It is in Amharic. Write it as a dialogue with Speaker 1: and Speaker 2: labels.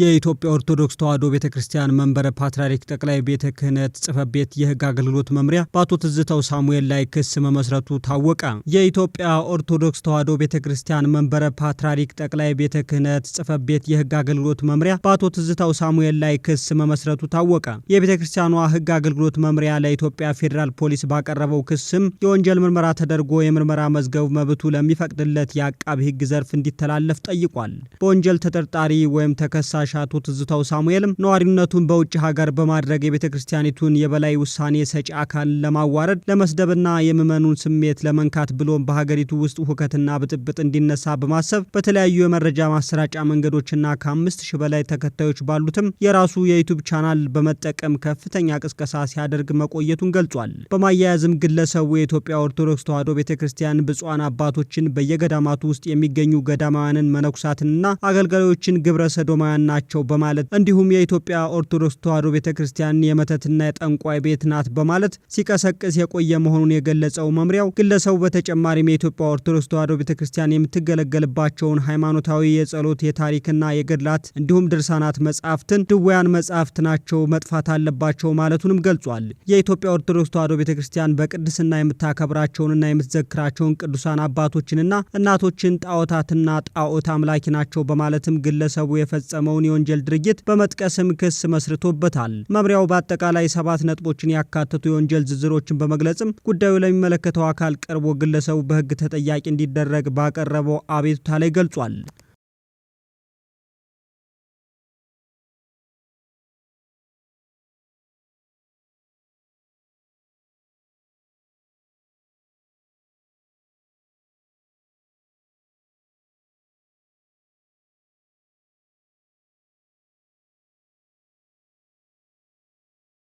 Speaker 1: የኢትዮጵያ ኦርቶዶክስ ተዋሕዶ ቤተ ክርስቲያን መንበረ ፓትርያርክ ጠቅላይ ቤተ ክህነት ጽሕፈት ቤት የሕግ አገልግሎት መምሪያ በአቶ ትዝተው ሳሙኤል ላይ ክስ መመስረቱ ታወቀ። የኢትዮጵያ ኦርቶዶክስ ተዋሕዶ ቤተ ክርስቲያን መንበረ ፓትርያርክ ጠቅላይ ቤተ ክህነት ጽሕፈት ቤት የሕግ አገልግሎት መምሪያ በአቶ ትዝተው ሳሙኤል ላይ ክስ መመስረቱ ታወቀ። የቤተ ክርስቲያኗ ሕግ አገልግሎት መምሪያ ለኢትዮጵያ ፌዴራል ፖሊስ ባቀረበው ክስም የወንጀል ምርመራ ተደርጎ የምርመራ መዝገብ መብቱ ለሚፈቅድለት የአቃቢ ሕግ ዘርፍ እንዲተላለፍ ጠይቋል። በወንጀል ተጠርጣሪ ወይም ተከሳ ተከሳሽ አቶ ትዝታው ሳሙኤልም ነዋሪነቱን በውጭ ሀገር በማድረግ የቤተ ክርስቲያኒቱን የበላይ ውሳኔ ሰጪ አካል ለማዋረድ ለመስደብና የምዕመኑን ስሜት ለመንካት ብሎም በሀገሪቱ ውስጥ ሁከትና ብጥብጥ እንዲነሳ በማሰብ በተለያዩ የመረጃ ማሰራጫ መንገዶችና ከአምስት ሺህ በላይ ተከታዮች ባሉትም የራሱ የዩቱብ ቻናል በመጠቀም ከፍተኛ ቅስቀሳ ሲያደርግ መቆየቱን ገልጿል። በማያያዝም ግለሰቡ የኢትዮጵያ ኦርቶዶክስ ተዋሕዶ ቤተ ክርስቲያን ብፁዓን አባቶችን በየገዳማቱ ውስጥ የሚገኙ ገዳማውያንን መነኩሳትንና አገልጋዮችን ግብረ ሰዶማውያንና ናቸው በማለት እንዲሁም የኢትዮጵያ ኦርቶዶክስ ተዋሕዶ ቤተ ክርስቲያን የመተትና የጠንቋይ ቤት ናት በማለት ሲቀሰቅስ የቆየ መሆኑን የገለጸው መምሪያው ግለሰቡ በተጨማሪም የኢትዮጵያ ኦርቶዶክስ ተዋሕዶ ቤተ ክርስቲያን የምትገለገልባቸውን ሃይማኖታዊ የጸሎት የታሪክና የገድላት እንዲሁም ድርሳናት መጻሕፍትን ድውያን መጻሕፍት ናቸው መጥፋት አለባቸው ማለቱንም ገልጿል። የኢትዮጵያ ኦርቶዶክስ ተዋሕዶ ቤተ ክርስቲያን በቅድስና የምታከብራቸውንና የምትዘክራቸውን ቅዱሳን አባቶችንና እናቶችን ጣዖታትና ጣዖት አምላኪ ናቸው በማለትም ግለሰቡ የፈጸመውን የተፈጸመውን የወንጀል ድርጊት በመጥቀስም ክስ መስርቶበታል። መምሪያው በአጠቃላይ ሰባት ነጥቦችን ያካተቱ የወንጀል ዝርዝሮችን በመግለጽም ጉዳዩ ለሚመለከተው አካል ቀርቦ ግለሰቡ በሕግ ተጠያቂ እንዲደረግ ባቀረበው አቤቱታ ላይ ገልጿል።